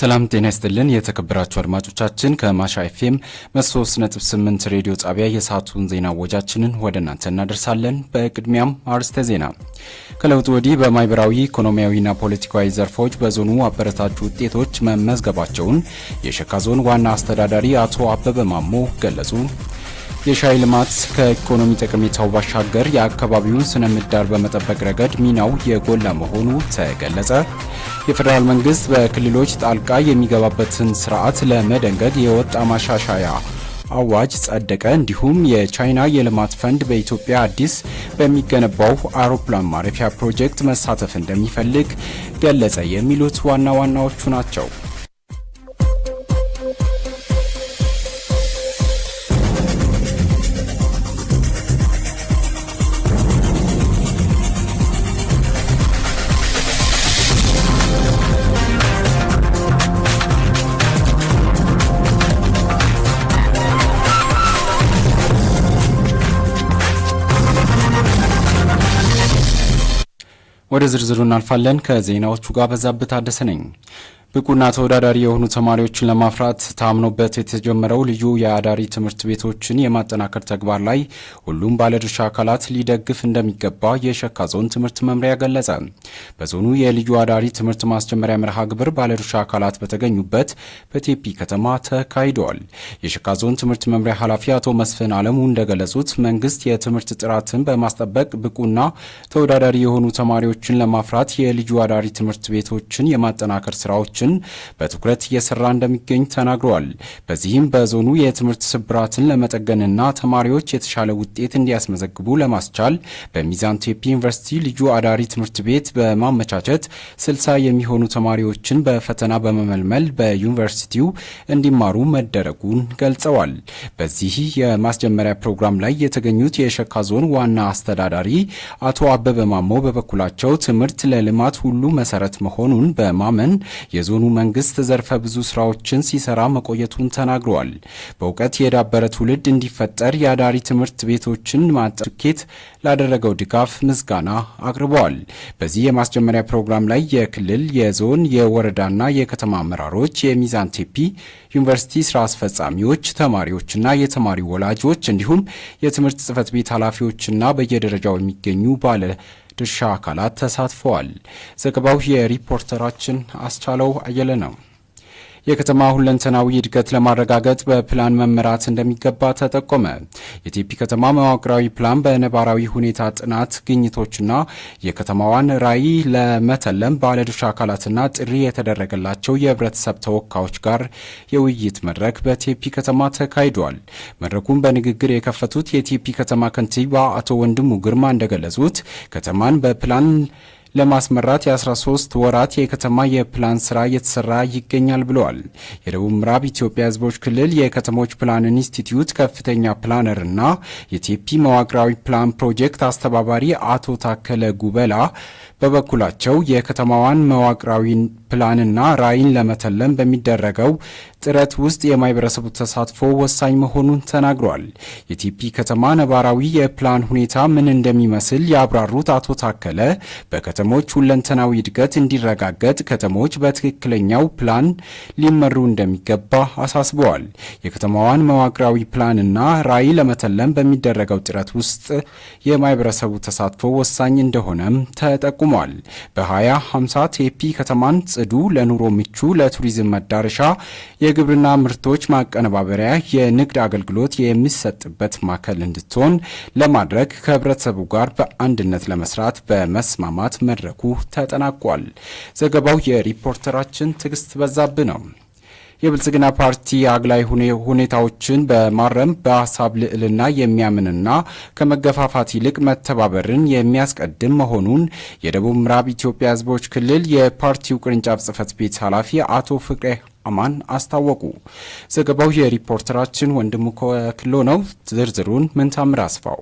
ሰላም ጤና ይስጥልን የተከበራችሁ አድማጮቻችን፣ ከማሻ ኤፍኤም መሶስ ነጥብ ስምንት ሬዲዮ ጣቢያ የሰዓቱን ዜና ወጃችንን ወደ እናንተ እናደርሳለን። በቅድሚያም አርስተ ዜና። ከለውጡ ወዲህ በማህበራዊ ኢኮኖሚያዊና ፖለቲካዊ ዘርፎች በዞኑ አበረታች ውጤቶች መመዝገባቸውን የሸካ ዞን ዋና አስተዳዳሪ አቶ አበበ ማሞ ገለጹ። የሻይ ልማት ከኢኮኖሚ ጠቀሜታው ባሻገር የአካባቢውን ስነ ምህዳር በመጠበቅ ረገድ ሚናው የጎላ መሆኑ ተገለጸ። የፌዴራል መንግስት በክልሎች ጣልቃ የሚገባበትን ስርዓት ለመደንገግ የወጣ ማሻሻያ አዋጅ ጸደቀ። እንዲሁም የቻይና የልማት ፈንድ በኢትዮጵያ አዲስ በሚገነባው አውሮፕላን ማረፊያ ፕሮጀክት መሳተፍ እንደሚፈልግ ገለጸ። የሚሉት ዋና ዋናዎቹ ናቸው። ዝርዝሩ እናልፋለን። ከዜናዎቹ ጋር በዛብህ ታደሰ ነኝ። ብቁና ተወዳዳሪ የሆኑ ተማሪዎችን ለማፍራት ታምኖበት የተጀመረው ልዩ የአዳሪ ትምህርት ቤቶችን የማጠናከር ተግባር ላይ ሁሉም ባለድርሻ አካላት ሊደግፍ እንደሚገባ የሸካ ዞን ትምህርት መምሪያ ገለጸ። በዞኑ የልዩ አዳሪ ትምህርት ማስጀመሪያ መርሃ ግብር ባለድርሻ አካላት በተገኙበት በቴፒ ከተማ ተካሂደዋል። የሸካ ዞን ትምህርት መምሪያ ኃላፊ አቶ መስፍን አለሙ እንደገለጹት መንግስት የትምህርት ጥራትን በማስጠበቅ ብቁና ተወዳዳሪ የሆኑ ተማሪዎችን ለማፍራት የልዩ አዳሪ ትምህርት ቤቶችን የማጠናከር ስራዎች ስራዎችን በትኩረት እየሰራ እንደሚገኝ ተናግረዋል። በዚህም በዞኑ የትምህርት ስብራትን ለመጠገንና ተማሪዎች የተሻለ ውጤት እንዲያስመዘግቡ ለማስቻል በሚዛን ቴፒ ዩኒቨርሲቲ ልዩ አዳሪ ትምህርት ቤት በማመቻቸት ስልሳ የሚሆኑ ተማሪዎችን በፈተና በመመልመል በዩኒቨርሲቲው እንዲማሩ መደረጉን ገልጸዋል። በዚህ የማስጀመሪያ ፕሮግራም ላይ የተገኙት የሸካ ዞን ዋና አስተዳዳሪ አቶ አበበ ማሞ በበኩላቸው ትምህርት ለልማት ሁሉ መሰረት መሆኑን በማመን የዞኑ መንግስት ዘርፈ ብዙ ስራዎችን ሲሰራ መቆየቱን ተናግረዋል። በእውቀት የዳበረ ትውልድ እንዲፈጠር የአዳሪ ትምህርት ቤቶችን ማጠ ስኬት ላደረገው ድጋፍ ምስጋና አቅርበዋል። በዚህ የማስጀመሪያ ፕሮግራም ላይ የክልል የዞን የወረዳና የከተማ አመራሮች፣ የሚዛን ቴፒ ዩኒቨርሲቲ ስራ አስፈጻሚዎች፣ ተማሪዎችና የተማሪ ወላጆች እንዲሁም የትምህርት ጽህፈት ቤት ኃላፊዎችና በየደረጃው የሚገኙ ባለ ድርሻ አካላት ተሳትፈዋል። ዘገባው የሪፖርተራችን አስቻለው አየለ ነው። የከተማ ሁለንተናዊ እድገት ለማረጋገጥ በፕላን መመራት እንደሚገባ ተጠቆመ። የቴፒ ከተማ መዋቅራዊ ፕላን በነባራዊ ሁኔታ ጥናት ግኝቶችና የከተማዋን ራዕይ ለመተለም ባለድርሻ አካላትና ጥሪ የተደረገላቸው የህብረተሰብ ተወካዮች ጋር የውይይት መድረክ በቴፒ ከተማ ተካሂዷል። መድረኩን በንግግር የከፈቱት የቴፒ ከተማ ከንቲባ አቶ ወንድሙ ግርማ እንደገለጹት ከተማን በፕላን ለማስመራት የ13 ወራት የከተማ የፕላን ስራ እየተሰራ ይገኛል ብለዋል። የደቡብ ምዕራብ ኢትዮጵያ ህዝቦች ክልል የከተሞች ፕላን ኢንስቲትዩት ከፍተኛ ፕላነር እና የቴፒ መዋቅራዊ ፕላን ፕሮጀክት አስተባባሪ አቶ ታከለ ጉበላ በበኩላቸው የከተማዋን መዋቅራዊ ፕላንና ራዕይን ለመተለም በሚደረገው ጥረት ውስጥ የማህበረሰቡ ተሳትፎ ወሳኝ መሆኑን ተናግሯል። የቴፒ ከተማ ነባራዊ የፕላን ሁኔታ ምን እንደሚመስል ያብራሩት አቶ ታከለ በከተሞች ሁለንተናዊ እድገት እንዲረጋገጥ ከተሞች በትክክለኛው ፕላን ሊመሩ እንደሚገባ አሳስበዋል። የከተማዋን መዋቅራዊ ፕላንና ራዕይ ለመተለም በሚደረገው ጥረት ውስጥ የማህበረሰቡ ተሳትፎ ወሳኝ እንደሆነም ተጠቁሟል። በ2050 ቴፒ ከተማን ጽዱ፣ ለኑሮ ምቹ፣ ለቱሪዝም መዳረሻ የግብርና ምርቶች ማቀነባበሪያ የንግድ አገልግሎት የሚሰጥበት ማዕከል እንድትሆን ለማድረግ ከህብረተሰቡ ጋር በአንድነት ለመስራት በመስማማት መድረኩ ተጠናቋል። ዘገባው የሪፖርተራችን ትዕግስት በዛብ ነው። የብልጽግና ፓርቲ አግላይ ሁኔታዎችን በማረም በሀሳብ ልዕልና የሚያምንና ከመገፋፋት ይልቅ መተባበርን የሚያስቀድም መሆኑን የደቡብ ምዕራብ ኢትዮጵያ ህዝቦች ክልል የፓርቲው ቅርንጫፍ ጽህፈት ቤት ኃላፊ አቶ ፍቅሬ አማን አስታወቁ። ዘገባው የሪፖርተራችን ወንድሙ ከክሎ ነው። ዝርዝሩን ምንታምር አስፋው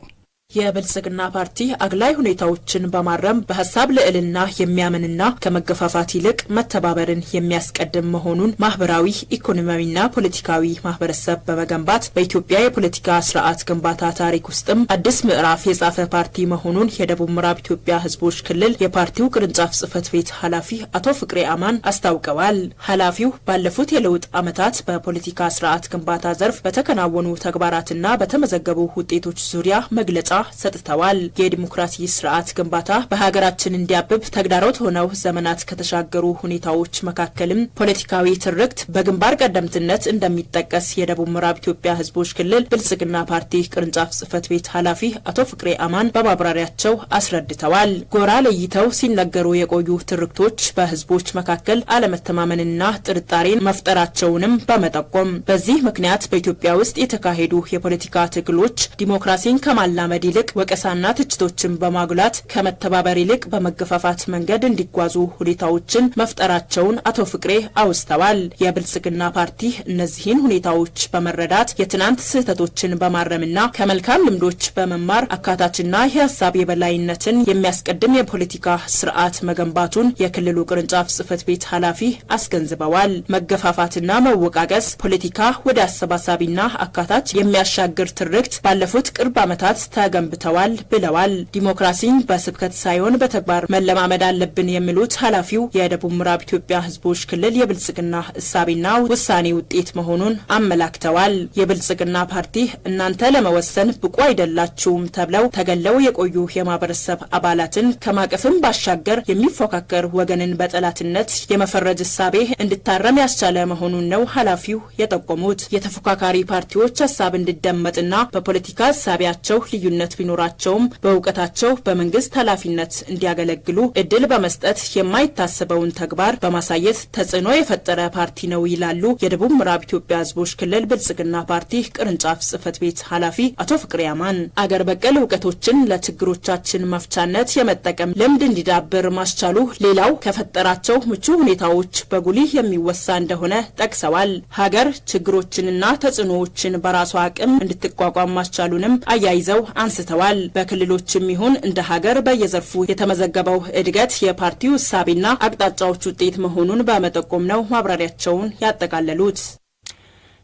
የብልጽግና ፓርቲ አግላይ ሁኔታዎችን በማረም በሀሳብ ልዕልና የሚያምንና ከመገፋፋት ይልቅ መተባበርን የሚያስቀድም መሆኑን ማህበራዊ ኢኮኖሚያዊና ፖለቲካዊ ማህበረሰብ በመገንባት በኢትዮጵያ የፖለቲካ ስርዓት ግንባታ ታሪክ ውስጥም አዲስ ምዕራፍ የጻፈ ፓርቲ መሆኑን የደቡብ ምዕራብ ኢትዮጵያ ህዝቦች ክልል የፓርቲው ቅርንጫፍ ጽህፈት ቤት ኃላፊ አቶ ፍቅሬ አማን አስታውቀዋል። ኃላፊው ባለፉት የለውጥ ዓመታት በፖለቲካ ስርዓት ግንባታ ዘርፍ በተከናወኑ ተግባራትና በተመዘገቡ ውጤቶች ዙሪያ መግለጫ ሰጥተዋል። የዲሞክራሲ ስርዓት ግንባታ በሀገራችን እንዲያብብ ተግዳሮት ሆነው ዘመናት ከተሻገሩ ሁኔታዎች መካከልም ፖለቲካዊ ትርክት በግንባር ቀደምትነት እንደሚጠቀስ የደቡብ ምዕራብ ኢትዮጵያ ህዝቦች ክልል ብልጽግና ፓርቲ ቅርንጫፍ ጽህፈት ቤት ኃላፊ አቶ ፍቅሬ አማን በማብራሪያቸው አስረድተዋል። ጎራ ለይተው ሲነገሩ የቆዩ ትርክቶች በህዝቦች መካከል አለመተማመንና ጥርጣሬን መፍጠራቸውንም በመጠቆም በዚህ ምክንያት በኢትዮጵያ ውስጥ የተካሄዱ የፖለቲካ ትግሎች ዲሞክራሲን ከማላመድ መንገድ ይልቅ ወቀሳና ትችቶችን በማጉላት ከመተባበር ይልቅ በመገፋፋት መንገድ እንዲጓዙ ሁኔታዎችን መፍጠራቸውን አቶ ፍቅሬ አውስተዋል። የብልጽግና ፓርቲ እነዚህን ሁኔታዎች በመረዳት የትናንት ስህተቶችን በማረምና ከመልካም ልምዶች በመማር አካታችና የሀሳብ የበላይነትን የሚያስቀድም የፖለቲካ ስርዓት መገንባቱን የክልሉ ቅርንጫፍ ጽህፈት ቤት ኃላፊ አስገንዝበዋል። መገፋፋትና መወቃቀስ ፖለቲካ ወደ አሰባሳቢና አካታች የሚያሻግር ትርክት ባለፉት ቅርብ ዓመታት ተገንብተዋል ብለዋል። ዲሞክራሲን በስብከት ሳይሆን በተግባር መለማመድ አለብን የሚሉት ኃላፊው የደቡብ ምዕራብ ኢትዮጵያ ህዝቦች ክልል የብልጽግና እሳቤና ውሳኔ ውጤት መሆኑን አመላክተዋል። የብልጽግና ፓርቲ እናንተ ለመወሰን ብቁ አይደላችሁም ተብለው ተገለው የቆዩ የማህበረሰብ አባላትን ከማቀፍም ባሻገር የሚፎካከር ወገንን በጠላትነት የመፈረጅ እሳቤ እንዲታረም ያስቻለ መሆኑን ነው ኃላፊው የጠቆሙት። የተፎካካሪ ፓርቲዎች ሀሳብ እንዲደመጥና በፖለቲካ እሳቤያቸው ልዩነት ተሰሚነት ቢኖራቸውም በእውቀታቸው በመንግስት ኃላፊነት እንዲያገለግሉ እድል በመስጠት የማይታሰበውን ተግባር በማሳየት ተጽዕኖ የፈጠረ ፓርቲ ነው ይላሉ የደቡብ ምዕራብ ኢትዮጵያ ህዝቦች ክልል ብልጽግና ፓርቲ ቅርንጫፍ ጽህፈት ቤት ኃላፊ አቶ ፍቅሬ አማን። አገር በቀል እውቀቶችን ለችግሮቻችን መፍቻነት የመጠቀም ልምድ እንዲዳብር ማስቻሉ ሌላው ከፈጠራቸው ምቹ ሁኔታዎች በጉልህ የሚወሳ እንደሆነ ጠቅሰዋል። ሀገር ችግሮችንና ተጽዕኖዎችን በራሷ አቅም እንድትቋቋም ማስቻሉንም አያይዘው አንስ አንስተዋል። በክልሎችም ይሁን እንደ ሀገር በየዘርፉ የተመዘገበው እድገት የፓርቲው እሳቤና አቅጣጫዎች ውጤት መሆኑን በመጠቆም ነው ማብራሪያቸውን ያጠቃለሉት።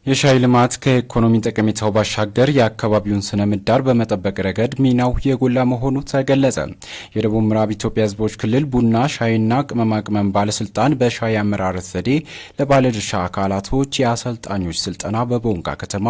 የሻይ ልማት ከኢኮኖሚ ጠቀሜታው ባሻገር የአካባቢውን ስነ ምህዳር በመጠበቅ ረገድ ሚናው የጎላ መሆኑ ተገለጸ። የደቡብ ምዕራብ ኢትዮጵያ ሕዝቦች ክልል ቡና ሻይና ቅመማ ቅመም ባለስልጣን በሻይ አመራረት ዘዴ ለባለድርሻ አካላቶች የአሰልጣኞች ስልጠና በቦንጋ ከተማ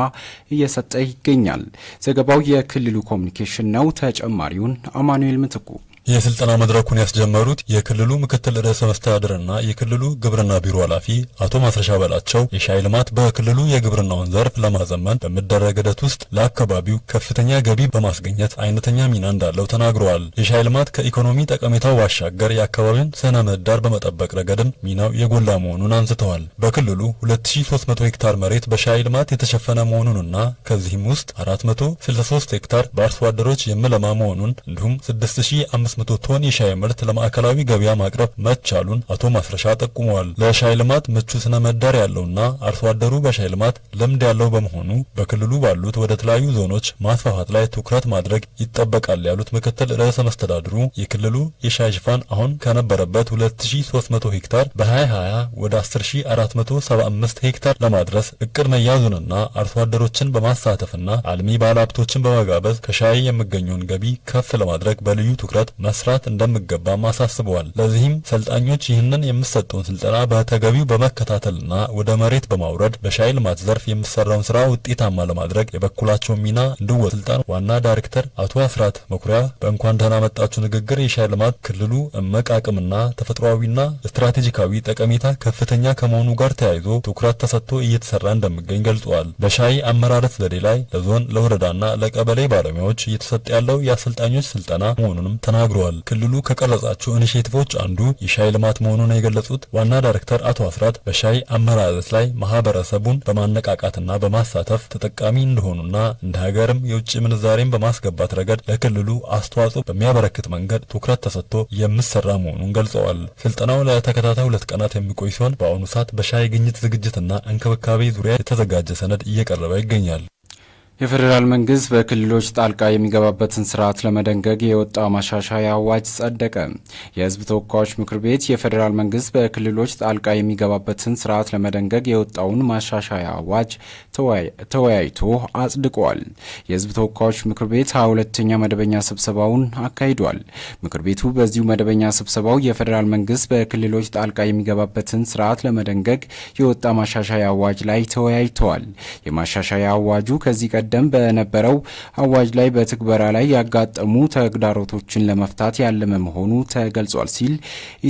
እየሰጠ ይገኛል። ዘገባው የክልሉ ኮሚኒኬሽን ነው። ተጨማሪውን አማኑኤል ምትኩ የስልጠና መድረኩን ያስጀመሩት የክልሉ ምክትል ርዕሰ መስተዳድርና የክልሉ ግብርና ቢሮ ኃላፊ አቶ ማስረሻ በላቸው የሻይ ልማት በክልሉ የግብርናውን ዘርፍ ለማዘመን በሚደረግ ሂደት ውስጥ ለአካባቢው ከፍተኛ ገቢ በማስገኘት አይነተኛ ሚና እንዳለው ተናግረዋል። የሻይ ልማት ከኢኮኖሚ ጠቀሜታው ባሻገር የአካባቢውን ስነ ምህዳር በመጠበቅ ረገድም ሚናው የጎላ መሆኑን አንስተዋል። በክልሉ 2300 ሄክታር መሬት በሻይ ልማት የተሸፈነ መሆኑንና ከዚህም ውስጥ 463 ሄክታር በአርሶ አደሮች የምለማ መሆኑን እንዲሁም 6500 መቶ ቶን የሻይ ምርት ለማዕከላዊ ገበያ ማቅረብ መቻሉን አቶ ማስረሻ ጠቁመዋል። ለሻይ ልማት ምቹ ስነ ምህዳር ያለውና አርሶ አደሩ በሻይ ልማት ልምድ ያለው በመሆኑ በክልሉ ባሉት ወደ ተለያዩ ዞኖች ማስፋፋት ላይ ትኩረት ማድረግ ይጠበቃል ያሉት ምክትል ርዕሰ መስተዳድሩ የክልሉ የሻይ ሽፋን አሁን ከነበረበት 2300 ሄክታር በ2020 ወደ 10475 ሄክታር ለማድረስ እቅድ መያዙንና አርሶ አደሮችን በማሳተፍና አልሚ ባለሀብቶችን በመጋበዝ ከሻይ የሚገኘውን ገቢ ከፍ ለማድረግ በልዩ ትኩረት መስራት እንደሚገባም አሳስበዋል። ለዚህም ሰልጣኞች ይህንን የምሰጠውን ስልጠና በተገቢው በመከታተልና ወደ መሬት በማውረድ በሻይ ልማት ዘርፍ የሚሰራውን ስራ ውጤታማ ለማድረግ የበኩላቸውን ሚና እንዲወጡ ስልጣን ዋና ዳይሬክተር አቶ አስራት መኩሪያ በእንኳን ደህና መጣችሁ ንግግር የሻይ ልማት ክልሉ እምቅ አቅምና ተፈጥሯዊና ስትራቴጂካዊ ጠቀሜታ ከፍተኛ ከመሆኑ ጋር ተያይዞ ትኩረት ተሰጥቶ እየተሰራ እንደሚገኝ ገልጸዋል። በሻይ አመራረት ዘዴ ላይ ለዞን ለወረዳና ለቀበሌ ባለሙያዎች እየተሰጠ ያለው የአሰልጣኞች ስልጠና መሆኑንም ተናግ ተናግረዋል። ክልሉ ከቀረጻቸው ኢኒሼቲቮች አንዱ የሻይ ልማት መሆኑን የገለጹት ዋና ዳይሬክተር አቶ አስራት በሻይ አመራረት ላይ ማህበረሰቡን በማነቃቃትና በማሳተፍ ተጠቃሚ እንደሆኑና እንደ ሀገርም የውጭ ምንዛሬን በማስገባት ረገድ ለክልሉ አስተዋጽኦ በሚያበረክት መንገድ ትኩረት ተሰጥቶ የሚሰራ መሆኑን ገልጸዋል። ስልጠናው ለተከታታይ ሁለት ቀናት የሚቆይ ሲሆን በአሁኑ ሰዓት በሻይ ግኝት ዝግጅትና እንክብካቤ ዙሪያ የተዘጋጀ ሰነድ እየቀረበ ይገኛል። የፌዴራል መንግስት በክልሎች ጣልቃ የሚገባበትን ስርዓት ለመደንገግ የወጣ ማሻሻያ አዋጅ ጸደቀ። የህዝብ ተወካዮች ምክር ቤት የፌዴራል መንግስት በክልሎች ጣልቃ የሚገባበትን ስርዓት ለመደንገግ የወጣውን ማሻሻያ አዋጅ ተወያይቶ አጽድቋል። የህዝብ ተወካዮች ምክር ቤት ሀያ ሁለተኛ መደበኛ ስብሰባውን አካሂዷል። ምክር ቤቱ በዚሁ መደበኛ ስብሰባው የፌዴራል መንግስት በክልሎች ጣልቃ የሚገባበትን ስርዓት ለመደንገግ የወጣ ማሻሻያ አዋጅ ላይ ተወያይተዋል። የማሻሻያ አዋጁ ከዚህ ቀደም ቀደም በነበረው አዋጅ ላይ በትግበራ ላይ ያጋጠሙ ተግዳሮቶችን ለመፍታት ያለመ መሆኑ ተገልጿል ሲል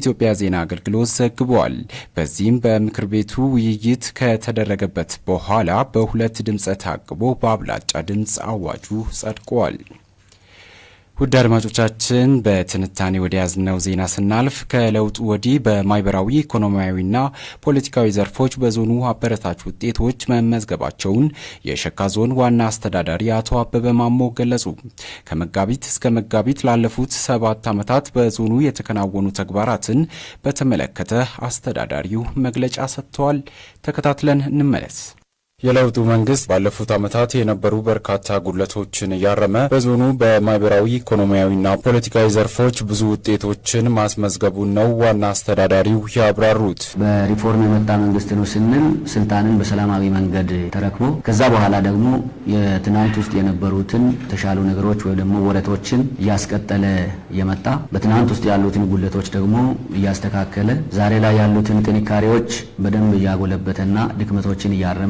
ኢትዮጵያ ዜና አገልግሎት ዘግቧል። በዚህም በምክር ቤቱ ውይይት ከተደረገበት በኋላ በሁለት ድምፀ ታቅቦ በአብላጫ ድምፅ አዋጁ ጸድቋል። ውድ አድማጮቻችን በትንታኔ ወደ ያዝነው ዜና ስናልፍ ከለውጡ ወዲህ በማህበራዊ ኢኮኖሚያዊና ፖለቲካዊ ዘርፎች በዞኑ አበረታች ውጤቶች መመዝገባቸውን የሸካ ዞን ዋና አስተዳዳሪ አቶ አበበ ማሞ ገለጹ። ከመጋቢት እስከ መጋቢት ላለፉት ሰባት ዓመታት በዞኑ የተከናወኑ ተግባራትን በተመለከተ አስተዳዳሪው መግለጫ ሰጥተዋል። ተከታትለን እንመለስ። የለውጡ መንግስት ባለፉት ዓመታት የነበሩ በርካታ ጉድለቶችን እያረመ በዞኑ በማህበራዊ ኢኮኖሚያዊና ፖለቲካዊ ዘርፎች ብዙ ውጤቶችን ማስመዝገቡን ነው ዋና አስተዳዳሪው ያብራሩት። በሪፎርም የመጣ መንግስት ነው ስንል ስልጣንን በሰላማዊ መንገድ ተረክቦ ከዛ በኋላ ደግሞ የትናንት ውስጥ የነበሩትን የተሻሉ ነገሮች ወይ ደግሞ ወረቶችን እያስቀጠለ የመጣ በትናንት ውስጥ ያሉትን ጉድለቶች ደግሞ እያስተካከለ ዛሬ ላይ ያሉትን ጥንካሬዎች በደንብ እያጎለበተና ድክመቶችን እያረመ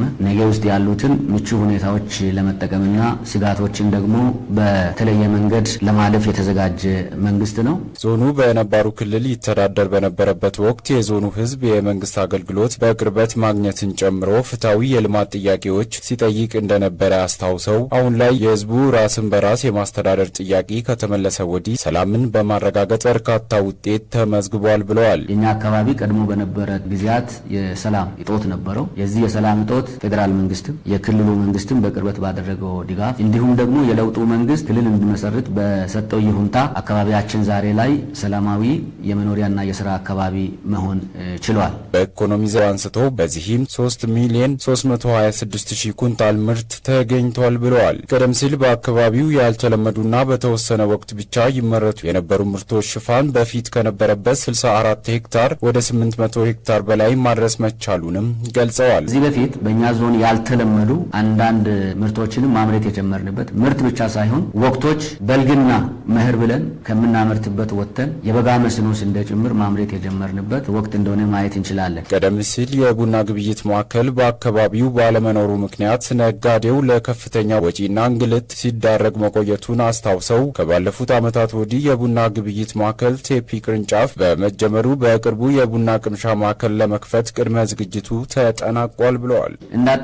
ውስጥ ያሉትን ምቹ ሁኔታዎች ለመጠቀምና ስጋቶችን ደግሞ በተለየ መንገድ ለማለፍ የተዘጋጀ መንግስት ነው። ዞኑ በነባሩ ክልል ይተዳደር በነበረበት ወቅት የዞኑ ህዝብ የመንግስት አገልግሎት በቅርበት ማግኘትን ጨምሮ ፍትሐዊ የልማት ጥያቄዎች ሲጠይቅ እንደነበረ አስታውሰው አሁን ላይ የህዝቡ ራስን በራስ የማስተዳደር ጥያቄ ከተመለሰ ወዲህ ሰላምን በማረጋገጥ በርካታ ውጤት ተመዝግቧል ብለዋል። የኛ አካባቢ ቀድሞ በነበረ ጊዜያት የሰላም እጦት ነበረው። የዚህ የሰላም እጦት ፌዴራል የፌዴራል መንግስትም የክልሉ መንግስትም በቅርበት ባደረገው ድጋፍ እንዲሁም ደግሞ የለውጡ መንግስት ክልል እንዲመሰርት በሰጠው ይሁንታ አካባቢያችን ዛሬ ላይ ሰላማዊ የመኖሪያና የስራ አካባቢ መሆን ችሏል። በኢኮኖሚ ዘው አንስቶ በዚህም 3 ሚሊዮን 326 ሺህ ኩንታል ምርት ተገኝቷል ብለዋል። ቀደም ሲል በአካባቢው ያልተለመዱና በተወሰነ ወቅት ብቻ ይመረቱ የነበሩ ምርቶች ሽፋን በፊት ከነበረበት 64 ሄክታር ወደ 800 ሄክታር በላይ ማድረስ መቻሉንም ገልጸዋል። ከዚህ በፊት በእኛ ዞን ያልተለመዱ አንዳንድ ምርቶችንም ማምረት የጀመርንበት ምርት ብቻ ሳይሆን ወቅቶች በልግና መኸር ብለን ከምናመርትበት ወጥተን የበጋ መስኖ ስንዴ ጭምር ማምረት የጀመርንበት ወቅት እንደሆነ ማየት እንችላለን። ቀደም ሲል የቡና ግብይት ማዕከል በአካባቢው ባለመኖሩ ምክንያት ነጋዴው ለከፍተኛ ወጪና እንግልት ሲዳረግ መቆየቱን አስታውሰው ከባለፉት ዓመታት ወዲህ የቡና ግብይት ማዕከል ቴፒ ቅርንጫፍ በመጀመሩ በቅርቡ የቡና ቅምሻ ማዕከል ለመክፈት ቅድመ ዝግጅቱ ተጠናቋል ብለዋል።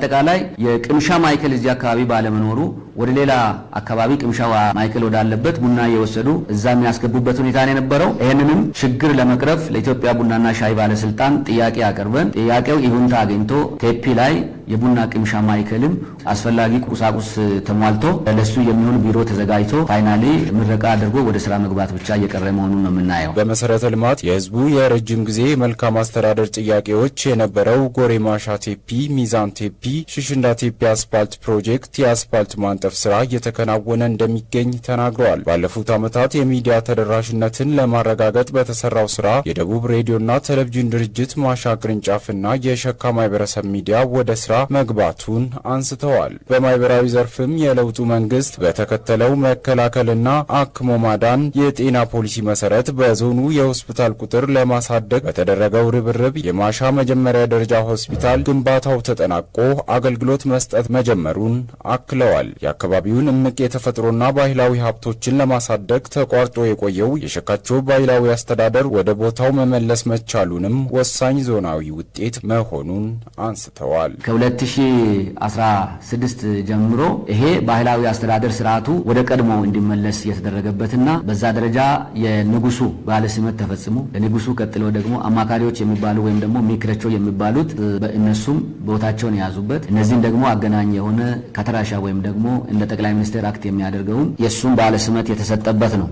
በአጠቃላይ የቅምሻ ማይክል እዚህ አካባቢ ባለመኖሩ ወደ ሌላ አካባቢ ቅምሻ ማዕከል ወዳለበት ቡና እየወሰዱ እዛ የሚያስገቡበት ሁኔታ ነው የነበረው። ይህንንም ችግር ለመቅረፍ ለኢትዮጵያ ቡናና ሻይ ባለስልጣን ጥያቄ አቅርበን ጥያቄው ይሁንታ አግኝቶ ቴፒ ላይ የቡና ቅምሻ ማዕከልም አስፈላጊ ቁሳቁስ ተሟልቶ ለሱ የሚሆን ቢሮ ተዘጋጅቶ ፋይናሌ ምረቃ አድርጎ ወደ ስራ መግባት ብቻ እየቀረ መሆኑን ነው የምናየው። በመሰረተ ልማት የህዝቡ የረጅም ጊዜ መልካም አስተዳደር ጥያቄዎች የነበረው ጎሬማሻ ቴፒ፣ ሚዛን ቴፒ፣ ሽሽንዳ ቴፒ አስፓልት ፕሮጀክት የአስፓልት ማንጠፍ ስራ እየተከናወነ እንደሚገኝ ተናግረዋል። ባለፉት ዓመታት የሚዲያ ተደራሽነትን ለማረጋገጥ በተሰራው ስራ የደቡብ ሬዲዮና ቴሌቪዥን ድርጅት ማሻ ቅርንጫፍና የሸካ ማህበረሰብ ሚዲያ ወደ ስራ መግባቱን አንስተዋል። በማህበራዊ ዘርፍም የለውጡ መንግስት በተከተለው መከላከልና አክሞ ማዳን የጤና ፖሊሲ መሰረት በዞኑ የሆስፒታል ቁጥር ለማሳደግ በተደረገው ርብርብ የማሻ መጀመሪያ ደረጃ ሆስፒታል ግንባታው ተጠናቆ አገልግሎት መስጠት መጀመሩን አክለዋል። የአካባቢውን እምቅ የተፈጥሮና ባህላዊ ሀብቶችን ለማሳደግ ተቋርጦ የቆየው የሸካቾ ባህላዊ አስተዳደር ወደ ቦታው መመለስ መቻሉንም ወሳኝ ዞናዊ ውጤት መሆኑን አንስተዋል። 2016 ጀምሮ ይሄ ባህላዊ አስተዳደር ስርዓቱ ወደ ቀድሞ እንዲመለስ የተደረገበትና በዛ ደረጃ የንጉሱ ባለስመት ተፈጽሞ ለንጉሱ ቀጥሎ ደግሞ አማካሪዎች የሚባሉ ወይም ደግሞ ሚክረቾ የሚባሉት በእነሱም ቦታቸውን የያዙበት እነዚህም ደግሞ አገናኝ የሆነ ከተራሻ ወይም ደግሞ እንደ ጠቅላይ ሚኒስትር አክት የሚያደርገውን የእሱም ባለስመት የተሰጠበት ነው።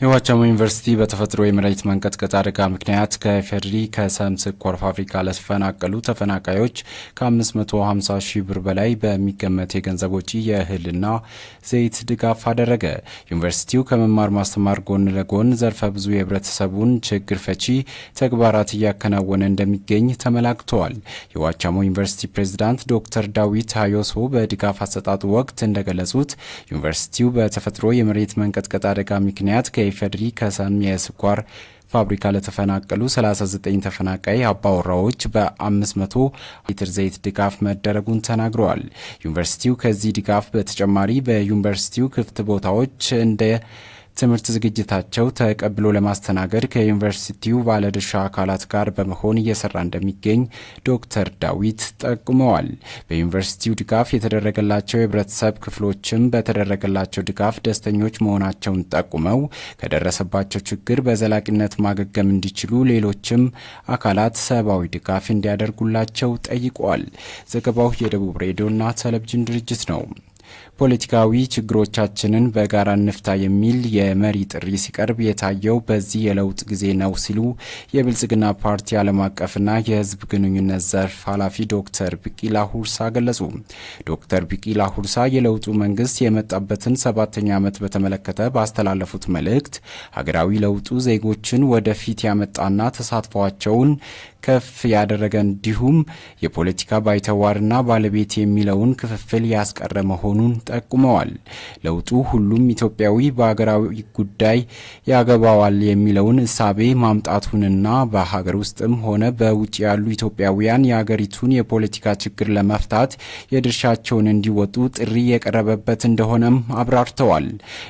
የዋቸሞ ዩኒቨርሲቲ በተፈጥሮ የመሬት መንቀጥቀጥ አደጋ ምክንያት ከፌሪ ከሰም ስኳር ፋብሪካ ለተፈናቀሉ ተፈናቃዮች ከ550 ሺህ ብር በላይ በሚገመት የገንዘብ ወጪ የእህልና ዘይት ድጋፍ አደረገ። ዩኒቨርሲቲው ከመማር ማስተማር ጎን ለጎን ዘርፈ ብዙ የህብረተሰቡን ችግር ፈቺ ተግባራት እያከናወነ እንደሚገኝ ተመላክተዋል። የዋቸሞ ዩኒቨርሲቲ ፕሬዝዳንት ዶክተር ዳዊት ሀዮሶ በድጋፍ አሰጣጡ ወቅት እንደገለጹት ዩኒቨርሲቲው በተፈጥሮ የመሬት መንቀጥቀጥ አደጋ ምክንያት ከኢፌድሪ ከሰሚያ የስኳር ፋብሪካ ለተፈናቀሉ 39 ተፈናቃይ አባወራዎች በ500 ሊትር ዘይት ድጋፍ መደረጉን ተናግረዋል። ዩኒቨርሲቲው ከዚህ ድጋፍ በተጨማሪ በዩኒቨርሲቲው ክፍት ቦታዎች እንደ ትምህርት ዝግጅታቸው ተቀብሎ ለማስተናገድ ከዩኒቨርሲቲው ባለድርሻ አካላት ጋር በመሆን እየሰራ እንደሚገኝ ዶክተር ዳዊት ጠቁመዋል። በዩኒቨርሲቲው ድጋፍ የተደረገላቸው የህብረተሰብ ክፍሎችም በተደረገላቸው ድጋፍ ደስተኞች መሆናቸውን ጠቁመው ከደረሰባቸው ችግር በዘላቂነት ማገገም እንዲችሉ ሌሎችም አካላት ሰብአዊ ድጋፍ እንዲያደርጉላቸው ጠይቋል። ዘገባው የደቡብ ሬዲዮና ቴሌቪዥን ድርጅት ነው። ፖለቲካዊ ችግሮቻችንን በጋራ እንፍታ የሚል የመሪ ጥሪ ሲቀርብ የታየው በዚህ የለውጥ ጊዜ ነው ሲሉ የብልጽግና ፓርቲ ዓለም አቀፍና የህዝብ ግንኙነት ዘርፍ ኃላፊ ዶክተር ቢቂላ ሁርሳ ገለጹ። ዶክተር ቢቂላ ሁርሳ የለውጡ መንግስት የመጣበትን ሰባተኛ ዓመት በተመለከተ ባስተላለፉት መልእክት ሀገራዊ ለውጡ ዜጎችን ወደፊት ያመጣና ተሳትፏቸውን ከፍ ያደረገ እንዲሁም የፖለቲካ ባይተዋርና ባለቤት የሚለውን ክፍፍል ያስቀረ መሆኑን ጠቁመዋል። ለውጡ ሁሉም ኢትዮጵያዊ በሀገራዊ ጉዳይ ያገባዋል የሚለውን እሳቤ ማምጣቱንና በሀገር ውስጥም ሆነ በውጭ ያሉ ኢትዮጵያውያን የሀገሪቱን የፖለቲካ ችግር ለመፍታት የድርሻቸውን እንዲወጡ ጥሪ የቀረበበት እንደሆነም አብራርተዋል።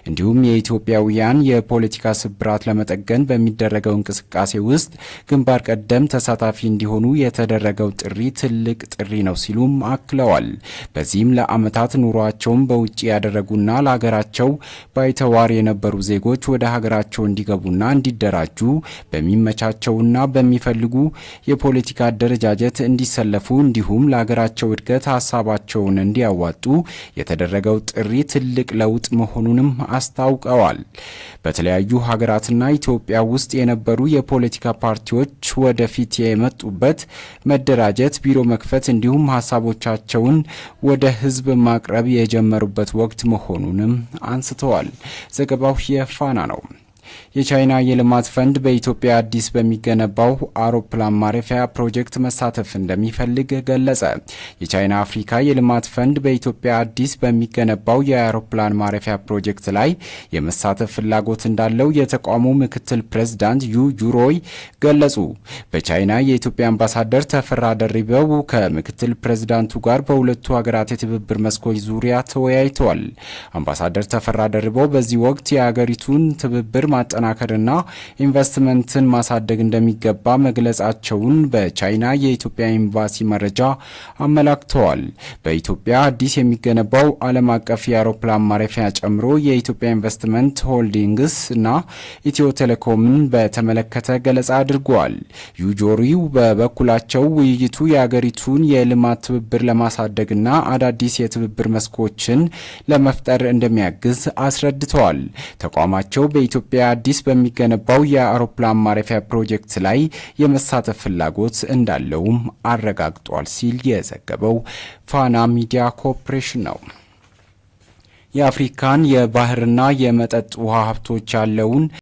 እንዲሁም የኢትዮጵያውያን የፖለቲካ ስብራት ለመጠገን በሚደረገው እንቅስቃሴ ውስጥ ግንባር ቀደም ተሳ ተሳታፊ እንዲሆኑ የተደረገው ጥሪ ትልቅ ጥሪ ነው ሲሉም አክለዋል። በዚህም ለዓመታት ኑሯቸውን በውጭ ያደረጉና ለሀገራቸው ባይተዋር የነበሩ ዜጎች ወደ ሀገራቸው እንዲገቡና እንዲደራጁ በሚመቻቸውና በሚፈልጉ የፖለቲካ አደረጃጀት እንዲሰለፉ እንዲሁም ለሀገራቸው እድገት ሀሳባቸውን እንዲያዋጡ የተደረገው ጥሪ ትልቅ ለውጥ መሆኑንም አስታውቀዋል። በተለያዩ ሀገራትና ኢትዮጵያ ውስጥ የነበሩ የፖለቲካ ፓርቲዎች ወደፊት የመጡበት መደራጀት፣ ቢሮ መክፈት እንዲሁም ሀሳቦቻቸውን ወደ ህዝብ ማቅረብ የጀመሩበት ወቅት መሆኑንም አንስተዋል። ዘገባው የፋና ነው። የቻይና የልማት ፈንድ በኢትዮጵያ አዲስ በሚገነባው አውሮፕላን ማረፊያ ፕሮጀክት መሳተፍ እንደሚፈልግ ገለጸ። የቻይና አፍሪካ የልማት ፈንድ በኢትዮጵያ አዲስ በሚገነባው የአውሮፕላን ማረፊያ ፕሮጀክት ላይ የመሳተፍ ፍላጎት እንዳለው የተቋሙ ምክትል ፕሬዝዳንት ዩ ዩሮይ ገለጹ። በቻይና የኢትዮጵያ አምባሳደር ተፈራ ደርበው ከምክትል ፕሬዝዳንቱ ጋር በሁለቱ ሀገራት የትብብር መስኮች ዙሪያ ተወያይተዋል። አምባሳደር ተፈራ ደርበው በዚህ ወቅት የሀገሪቱን ትብብር ማጠናከርና ኢንቨስትመንትን ማሳደግ እንደሚገባ መግለጻቸውን በቻይና የኢትዮጵያ ኤምባሲ መረጃ አመላክተዋል። በኢትዮጵያ አዲስ የሚገነባው ዓለም አቀፍ የአውሮፕላን ማረፊያ ጨምሮ የኢትዮጵያ ኢንቨስትመንት ሆልዲንግስ እና ኢትዮ ቴሌኮምን በተመለከተ ገለጻ አድርገዋል። ዩጆሪው በበኩላቸው ውይይቱ የአገሪቱን የልማት ትብብር ለማሳደግና አዳዲስ የትብብር መስኮችን ለመፍጠር እንደሚያግዝ አስረድተዋል። ተቋማቸው በኢትዮጵያ አዲስ በሚገነባው የአውሮፕላን ማረፊያ ፕሮጀክት ላይ የመሳተፍ ፍላጎት እንዳለውም አረጋግጧል ሲል የዘገበው ፋና ሚዲያ ኮርፖሬሽን ነው። የአፍሪካን የባህርና የመጠጥ ውሃ ሀብቶች ያለውን